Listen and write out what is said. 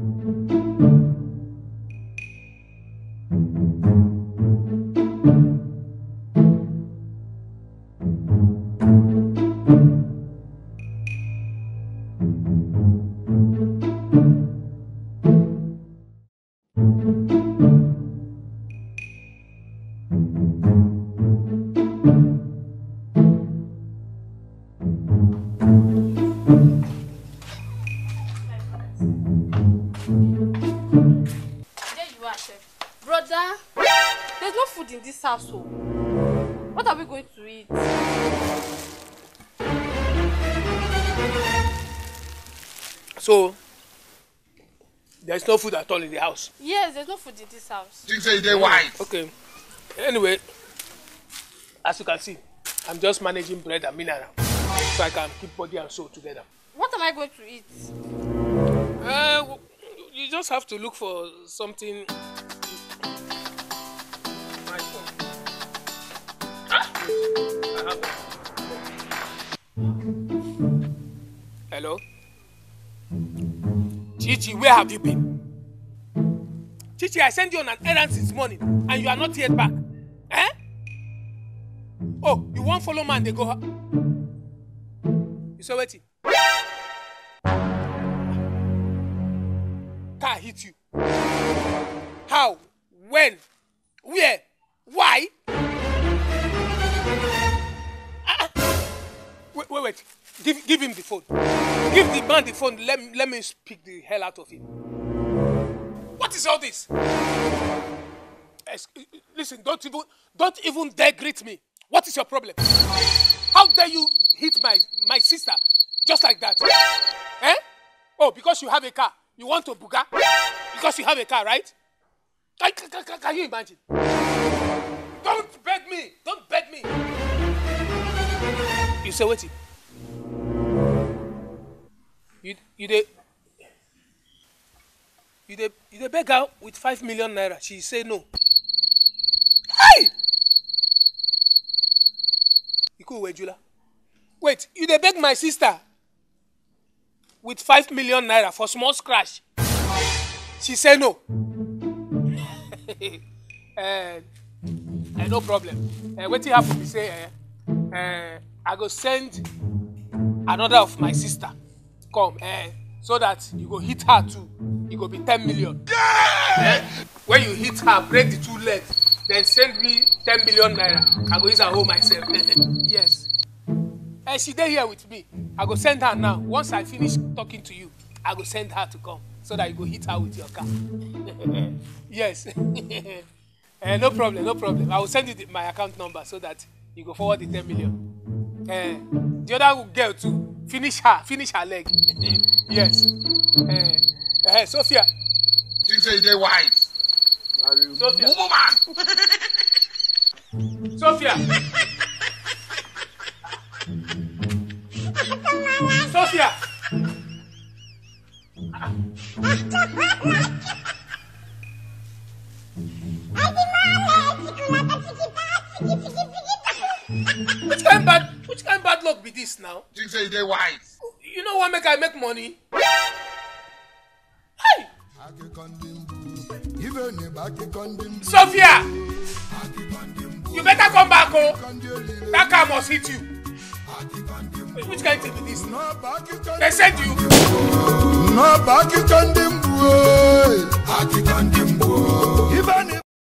Thank mm -hmm. you. There's no food in this house. What are we going to eat? So, there's no food at all in the house? Yes, there's no food in this house. Think say they white. Okay. Anyway, as you can see, I'm just managing bread and mineral so I can keep body and soul together. What am I going to eat? Uh, you just have to look for something Hello? Chichi, where have you been? Chichi, I sent you on an errand this morning and you are not yet back. Eh? Oh, you won't follow man, they go. You saw waiting. Car hit you. How? When? Where? Why? Ah, ah. Wait, wait, wait. Give, give him the phone. Give the man the phone. Let, let me speak the hell out of him. What is all this? Excuse, listen, don't even, don't even dare greet me. What is your problem? How dare you hit my, my sister just like that? Eh? Oh, because you have a car. You want to buga? Because you have a car, right? Can, can, can, can you imagine? Don't beg me. Don't beg me. You say, waiting. you dey you dey you dey beg her with five million naira she say no hey ikuwejula wait you dey beg my sister with five million naira for small scratch she say no uh, uh, no problem uh, wetin happen be say uh, uh, i go send another of my sister come eh, so that you go hit her too e go be ten million. Yeah! Eh? when you hit her break the two legs then send me ten million naira i go use her home myself yes eh, she dey here with me i go send her now once i finish talking to you i go send her to come so that you go hit her with your car yes eh, no problem no problem i will send you the, my account number so that you go forward the ten million. Uh, the other girl too. Finish her. Finish her leg. yes. Uh, uh, Sophia. Think say they white. Sophia. Woman. Sophia. Sophia. Which kind of which kind of bad luck be this now? think say you dey wise you know what make i make money? hey sophia you better come back o oh. that car must hit you which kind thing be this? they send you no back you condemn boy.